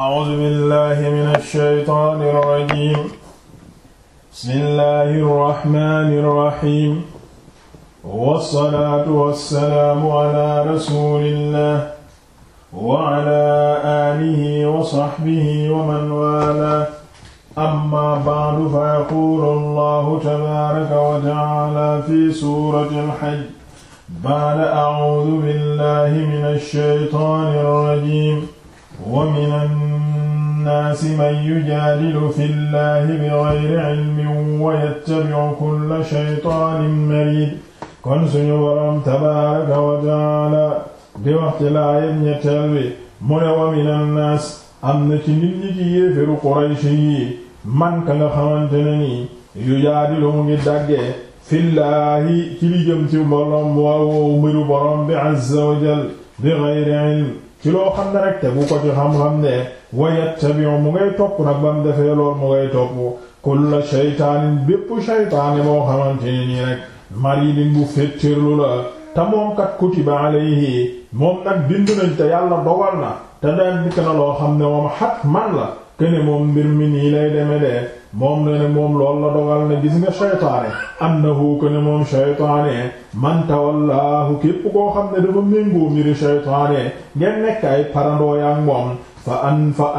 A'uuzu billaahi mina shaytaani rajiim. Bismillaahi rahmaani rahiim. Wassalaatu wassalaamu alaa rasuulillaah wa alaa aalihi wa sahbihi wa man waalaah. Ammaa ba'du fa yaquulu Allaahu tabaaraka wa ta'aalaa fi suuratil hajj. Ba'da a'uuzu billaahi mina shaytaani rajiim. wa mina nnaasi man yujaadilu fi llahi bighayri ilmin wa yattabi'u kulla shaytaanin mariid kon suñu boroom tabaaraka wa ta'aala di wax ci laayam ñetteel bi mu ne wa mina nnaas am na ci nit ñi ci yéefiru Quraysh yi man ka nga xamante ne nii yujaadilu mu ngi dàggee fillaahi ci li jëm ci boroom wa mbiru boroom bi azza wa jal bi ghayri ilm ci loo xam ne rek te bu ko ci xam-xam ne wa yattabi'u mu ngay topp nag ba mu defee lool mu ngay topp kulla shaytaanin bépp shaytaani moo xamante ne nii rek maridin bu féttirlu la te moom kat kutiba alayhi moom nag bind te yàlla dogal na te daan dikk na xam ne ma xat man la këne moom mbir mi nii lay deme dee moom ne ne moom lool la dogal ne gis nga shaytaane annahu këne moom shaytaane man tawallaahu képp koo xam ne dafa méngoo mbiri shaytaane ngeen nekk ay parandooy ak moom fa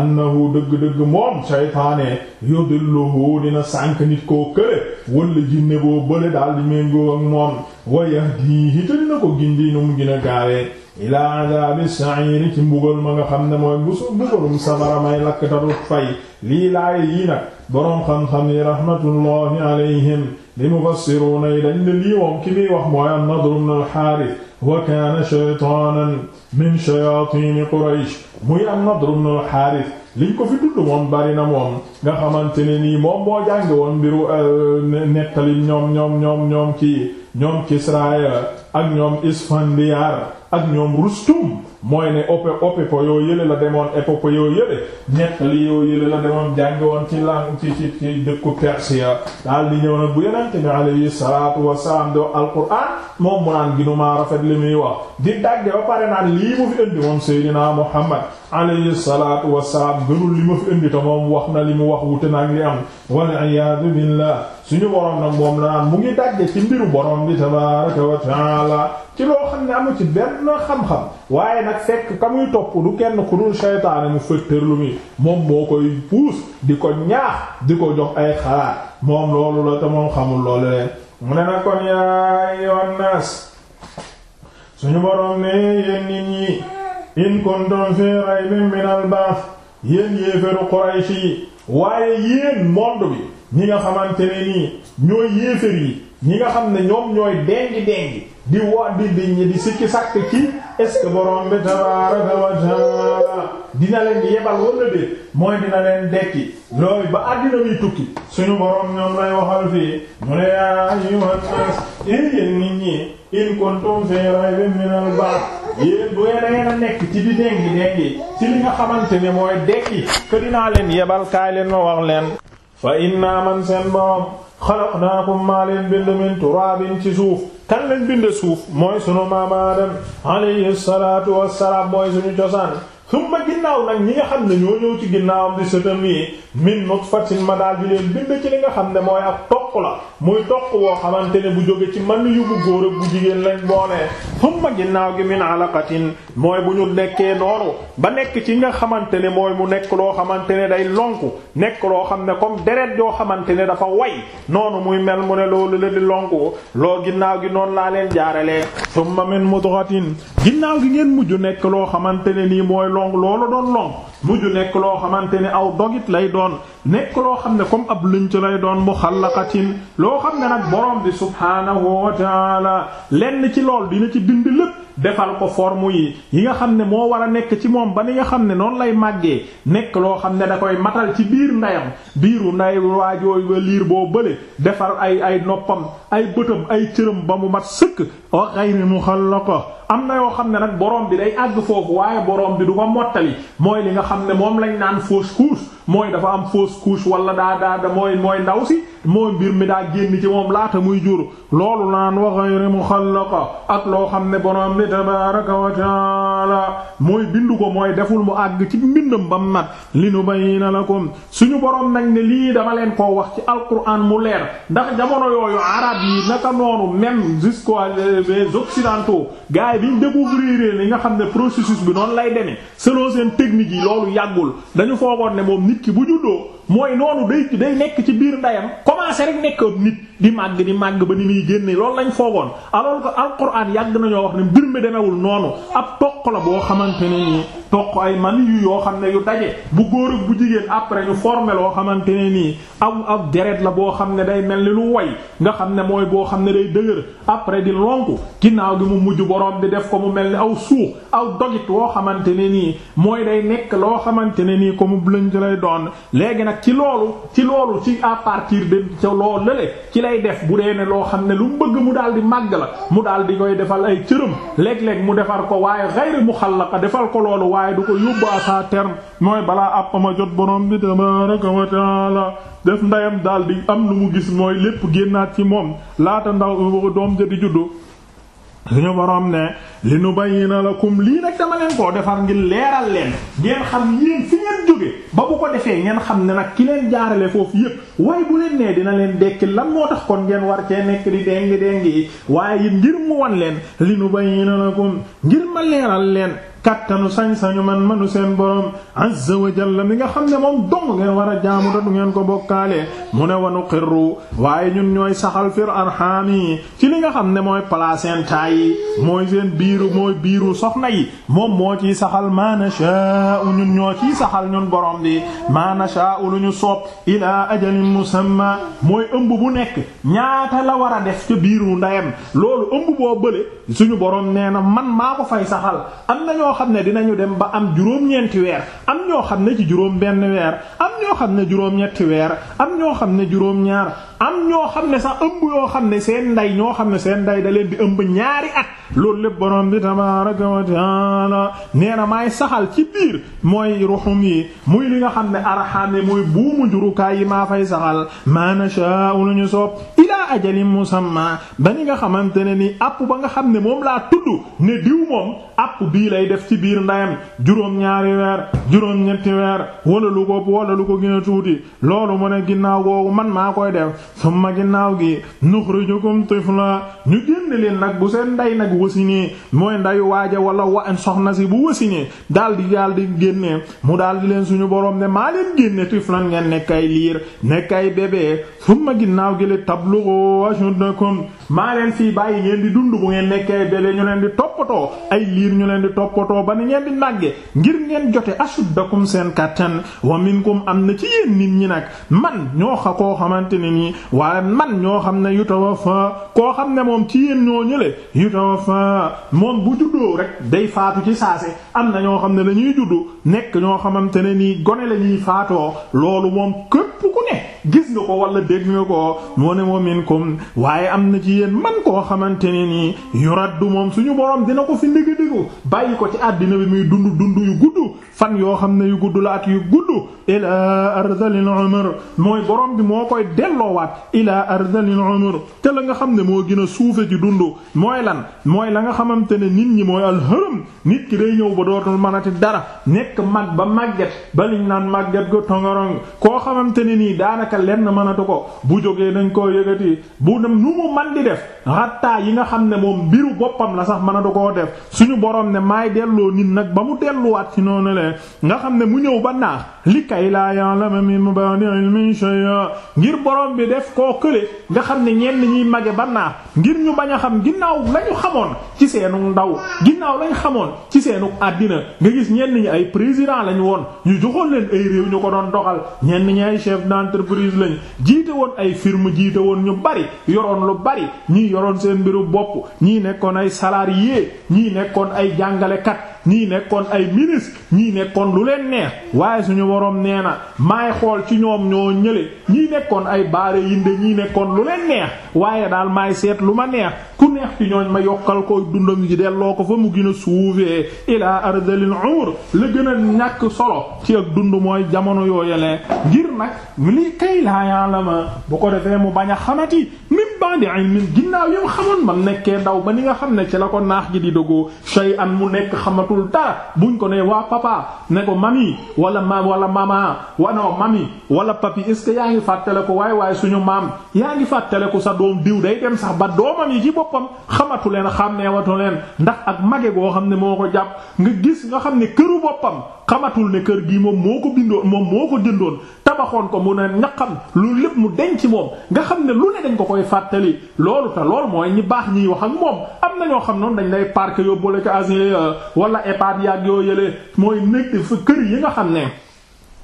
annahu dëgg-dëgg moom shaytaane yudilluhu dina sànk nit koo kële walla jinne boo bële daal di méngoo ak moom wa yahdiihi te dina ko gindi nu mu gën a gaawee ilaa adaabi sa'iiri ci mbugal ma nga xam ne mooy mbusu mbugalum safara may lakk taru fay lii laaye yii nag boroom xam yi rahmatullahi alayhim li mufassiruuna yi dañ ne lii moom ki muy wax mooy an-Nadr ibn al-Haaris wa kaana shaytaanan min shayaatiini Quraysh muy an-Nadr ibn al-Haaris liñ ko fi tudd moom bari na moom nga xamante ne nii moom boo jàngi woon mbiru euh, nettali ñoom ñoom ñoom ñoom ci ñoom Kisraaya ak ñoom Isfandiyaar ak ñoom Rustum mooy ne ope opipo yoo yële la demoon épopo yoo yële ñettali yoo yële la demoon jàngi woon ci lang ci ci ci dëkku Persia daal di ñëw nag bu yenente bi alayhi salaatu wasalaam do alquran moom mu naan ginumaa rafet li muy wax di dagge ba pare naan lii mu fi indi moom Seydina Muhammad alayhi salaatu wasalaam gënul li ma fi indi te moom wax na li mu wax wute nag li am waliyaadu billah suñu borom nag moom la naan mu ngi dagge ci mbiru borom nag fekk ka muy topp du kenn ku dul seytaane mu fëttër lu mi moom moo koy puus di ko ñaax di ko jox ay xalaat moom loolu la te moom xamul loolu leen mu ne na kon yaa ayyuhan naas suñu boroom ne yéen nit ñi fi raybin min yi waaye yéen monde bi ñi nga xamante ne nii ñooy yéefér yi ñi nga xam ne ñoom ñooy dengi dengi di woo di di di sikki sàkk ci est-ce que borom bi tabaaraka wa taala dina leen yebal wala déet mooy dina leen dekki looy ba àddina mi tukki suñu borom ñoom lay waxal fii mu ne yaa ayyuhan naas eh, yéen nit ñi in kuntum fii raybin minal ba'th yéen bu ngeen ngeen a nekk ci di dengi dengi ci li nga xamante ne mooy dekki que leen yebal kaay ma wax leen. fa inna man seen borom xalaqnaakum maa leen bind min turaabin ci suuf. kan lañ suuf mooy sunu maam Aadam alayhi salaatu wassalaam mooy suñu cosaan summa ginnaaw nag ñi nga xam ne ñoo ñëw ci ginnaawam di sëtam yi min nutfatin ma daal di leen bind ci li nga xam ne mooy ak toq la muy toq woo xamante ne bu jóge ci man yu bu góor ak bu jigéen lañ boole summa ginnaaw gi min alaqatin mooy bu ñu nekkee noonu ba nekk ci nga xamante ne mooy mu nekk loo xamante ne day lonku nekk loo xam ne comme deret yoo xamante ne dafa way noonu muy mel mu ne loolu la di lonku loo ginnaaw gi noonu laa leen jaaralee summa min long loolu doon long mujj nekk loo xamante ne aw dogit lay doon nekk loo xam ne comme ab lënc lay doon muxallaqatin loo xam ne nag boroom bi subhaanahu wa taala lenn ci lool dina ci bind lépp defal ko forme yi yi nga xam ne moo war a nekk ci moom ba ni nga xam ne noonu lay màggee nekk loo xam ne da koy matal ci biir ndeyam biiru nday waajooy wa liir boo bële defal ay ay noppam ay bëtam ay cëram ba mu mat sëkk a xayri muxallaqa am na yoo xam ne nag borom bi day àgg foofu waaye borom bi du ko mottali mooy li nga xam ne moom lañ naan fausse couche mooy dafa am fausse couche wala daa daa da mooy mooy ndaw si mooy mbir mi daa génn ci moom laata muy jur loolu naan wa ghayru muxallaqa ak loo xam ne borom bi tabaaraka wa taala mooy bindu ko mooy deful mu àgg ci mbindam ba mu mat li nu bayyina lakum suñu borom nag ne lii dama leen koo wax ci alquran mu leer ndax jamono yooyu arab yi naka noonu même jusqu'aux euh, les occidentaux gars yi biñ découvrir li nga xam ne processus bi noonu lay demee selon seen technique yi loolu yàggul dañu foogoon ne moom nit ki bu juddoo mooy noonu day day nekk ci biir ndeyam commencé rek nekk ab nit di màgg di màgg ba ni muy génne loolu lañ foogoon alors que alquran yàgg nañoo wax ne mbir mi demewul noonu ab toq la boo xamante ne nii toq ay man yu yoo xam ne yu daje bu góor ak bu jigéen après ñu formé loo xamante ne nii aw ab deret la boo xam ne day mel ni lu way nga xam ne mooy boo xam ne day dëgër après di lonku ginnaaw gi mu mujj borom bi def ko mu mel ni aw suux aw dogit woo xamante ne nii mooy day nekk loo xamante ne nii ko mu lënj lay doon léegi nag ci loolu ci loolu ci à partir de ca loolu la ci lay def bu dee ne loo xam ne lu mu bëgg mu daal di màgg la mu daal di koy defal ay cëram léeg-léeg mu defar ko waaye xayri muxallaqa defal ko loolu waaye du ko yóbbu à terme mooy balaa àppama jot borom bi tabaaraka wa def ndeyam daal di am lu mu gis mooy lépp génnaat ci moom laata ndaw doom ja di juddu suñu borom ne li nu bayyina lakum lii nag dama leen koo defar ngir leeral leen ngeen xam jógee ba bu ko defee ngeen xam ne nag ki leen jaarale foofu yëpp waaye bu leen nee dina leen dekki lan moo tax kon ngeen war cee nekk di déngi déngi waaye it ngir mu wan leen li nu ba yi bayyina lakum ngir ma leeral leen kàttanu sañ-sañu man manu seen boroom azza wa jalla mi nga xam ne moom dong ngeen war a jaamu te ngeen ko bokkaale mu ne wanu xirru waaye ñun ñooy saxal fir arham yi ci li nga xam ne mooy placenta yi mooy seen biiru mooy biiru soxna yi moom moo ciy saxal ma nashaa'u ñun ñoo ciy saxal ñun boroom di ma nashaa'u lu ñu soob ilaa ajalin musamma mooy ëmb bu nekk ñaata la war a def ca biiru ndeyam loolu ëmb boo bële suñu boroom nee na man maa ko fay saxal am nañu ñoo xam ne dinañu dem ba am juróom-ñeenti weer am ñoo xam ne ci juróom weer am xam ne juróom-ñetti weer am ñoo xam ne juróom-ñaar am ñoo xam ne sax ëmb yoo xam ne seen ndey ñoo xam ne seen ndey da leen di ëmb ñaari ak loolu lépp borom bi tabaaraka wa taala nee na maay saxal ci biir mooy ruxum yi muy li nga xam ne arxam yi muy buumu jurukaay yi maa fay saxal maana shaa'u lu ñu soob ilaa ajalin ba ni nga xamante ne ni àpp ba nga xam ne moom laa tudd ne diw moom àpp bii lay def ci biir ndayam juróom-ñaari weer juróom-ñetti weer wala lu ko wala lu ko gën a tuuti loolu mu ne ginnaaw googu man maa koy def summa ginnaaw gi nuxrijukum tifla ñu génn leen nag bu seen nday nag wasinee mooy ndayu waaja wala wa soxna si bu wasinee daal di daal di génne mu daal di leen suñu borom ne maa leen génne tiflan ngeen nekk ay liir nekk ay ashuddakum maa leen fii bàyyi ngeen di dund bu ngeen nekkee bele ñu leen di toppatoo ay liir ñu leen di toppatoo ba ni ngeen di màgge ngir ngeen jote ashuddakum seen kàttan wa minkum am na ci yéen nit ñi nag man ñoo xa koo xamante ne nii waaye man ñoo xam ne wa yutawaffa koo xam ne moom ci yéen ñoo ñële yutawaffa moom bu juddoo rek day faatu ci saase am na ñoo xam ne la juddu nekk ñoo xamante ne nii gone la faatoo loolu moom képp gis nga ko wala dégg nga ko moo ne moo minkum waaye am na ci yéen man koo xamante ne nii yuraddu moom suñu borom dina ko fi ndigi-ndigu bàyyi ko ci àddina bi muy dund dund yu gudd fan yoo xam ne yu gudd laat yu gudd ilaa ardalil umr mooy boroom bi moo koy delloowaat ilaa ardalil umr te la nga xam ne moo gën a suufe ci dund mooy lan mooy la nga xamante ne nit ñi mooy alxërëm nit ki day ñëw ba dootul mënati dara nekk mag ba màgget ba lenn mënatu ko bu jógee nañ koo yëgati bu nu mu man di def xattaa yi nga xam ne moom mbiru boppam la sax mënatu koo def suñu boroom ne maay delloo nit nag ba mu delluwaat ci noonu le nga xam ne mu ñëw ba naax li kay laa ya'lamu min ba'di ilmin shay'a ngir borom bi def koo kële nga xam ne ñenn ñuy mage ba naax ngir ñu bañ a xam ginnaaw lañu xamoon ci seenu ndaw ginnaaw lañ xamoon ci seenu àddina nga gis ñenn ñi ay président lañ woon entreprise jiite woon ay firme jiite woon ñu bari yoroon lu bari ñii yoroon seen mbiru bopp ñii nekkoon ay salarié ñii nekkoon ay jàngalekat ñii nekkoon ay ministre ñii nekkoon lu leen neex waaye suñu woroom nee na maay xool ci ñoom ñoo ñële ñii nekkoon ay baare yinde ñii nekkoon lu leen neex waaye daal maay seet lu ma neex ku neex ci ñooñ ma yokkal ko dundam ji delloo ko fa mu gën a suufee ilaa ardalil umur la gën a ñàkk solo ci ak dund mooy jamono yooyalee ngir nag li kay laa yaalama bu ko defee mu bañ a ba'di ilmin ginnaaw yam xamoon ma nekkee ndaw ba ni nga xam ne ci la ko naax gi di dogoo am mu nekk xamatul dara buñ ko ne waa papa ne ko mami wala ma wala mama wano mami wala papi est ce yaa ngi fàttale ko waay waay suñu maam yaa ngi fàttale ko sa doom diw day dem sax ba doomam yi ci boppam xamatu leen xàmmeewatu leen ndax ak mage goo xam ne moo ko jàpp nga gis nga xam ne këru boppam xamatul ne kër gi moom moo ko bindoon moom moo ko jëndoon tabaxoon ko mu ne ñaqam loolu lépp mu denc moom nga xam ne lu ne dañ ko koy fàttali loolu te lool mooy ñi baax ñiy wax ak moom am na ñoo xam noon dañ lay parquer yóbbu la ca asile wala EHPAD yàgg yoo yële mooy nekk fa kër yi nga xam ne.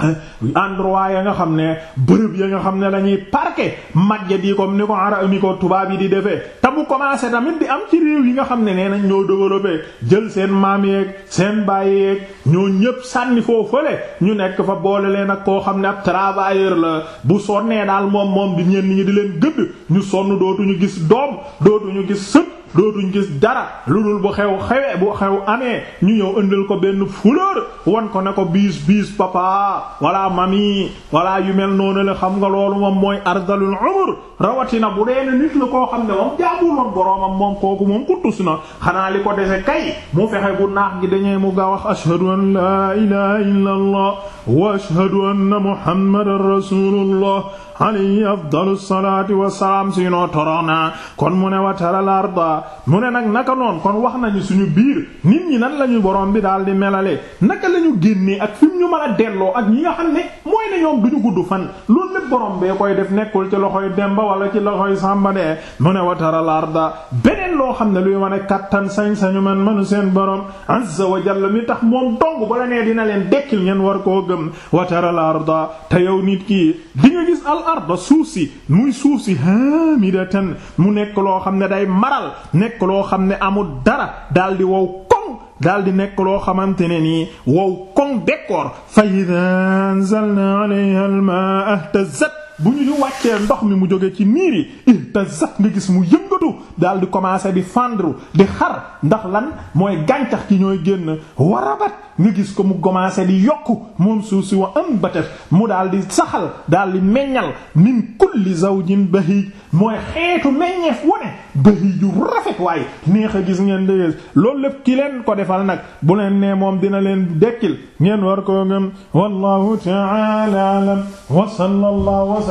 endroit ya nga xam ne bërëb ya nga xam ne lañuy parquer majja di comme ni ko ara ni ko tubaab yi di defee te mu commencé tamit di am ci réew yi nga xam ne nee nañ ñoo développé jël seen maam yeeg seen bàyyi yeeg ñoo ñëpp sànni foofale ñu nekk fa boole leen ak koo xam ne ab travailleur la bu sonnee daal moom moom bi ñenn ñi di leen gëdd ñu sonn dootuñu gis doom dootuñu gis sët dootuñ gis dara lu dul bu xew xewee bu xew amee ñu ñëw ëndal ko benn fleur papa wala mami wala yu mel noonu la xam nga loolu moom mooy ardalul umr rawatina bu dee nit la koo xam ne moom jaabul woon boroomam moom kooku moom kuttus na xanaa li ko dese kay mu fexe bu naax gi dañee mu ga wax ashhadu an laa ilaha illa allah wa ashhadu anna muhammadan rasulullah alayhi afdalu salaati si noo torox naa kon mu ne wa taral arda mu ne nag naka noon kon wax nañu suñu biir nit ñi nan la ñu borom bi daal di melale naka la ñu génnee ñi nga xam ne mooy ne ñoom duñu gudd fan loolu lépp borom bee koy def nekkul ci loxo yi demba wala ci loxo yi sàmba de mu ne wataral arda beneen loo xam ne luy wane kattan sañ-sañu man manu seen borom azza wa jalla mi tax moom dong bala nee dina leen dekkil ngeen war koo gëm wataral arda te yow nit ki di nga gis al arda suuf si muy suuf si hamidatan mu nekk loo xam ne day maral nekk loo xam ne amul dara daldi wow daal di nekk loo xamante ne nii wow koŋ bekkoor fa idaa anzalna alayha al-maa ihtazat bu ñu ñu wàccee ndox mi mu jóge ci miir yi ihtazat nga gis mu yëngatu daal di commencer di fendre di xar ndax lan mooy gàncax gi ñooy génn warabat nga gis ko mu commencer di yokk moom suuf si am ambatat mu daal di saxal daal di meññal min kulli zawjin bahij mooy xeetu meññeef wone bahij yu rafet waaye neex a gis ngeen dégg loolu lépp ki leen ko defal nag bu leen nee moom dina leen dekkil ngeen war koo gëm wallahu ta'ala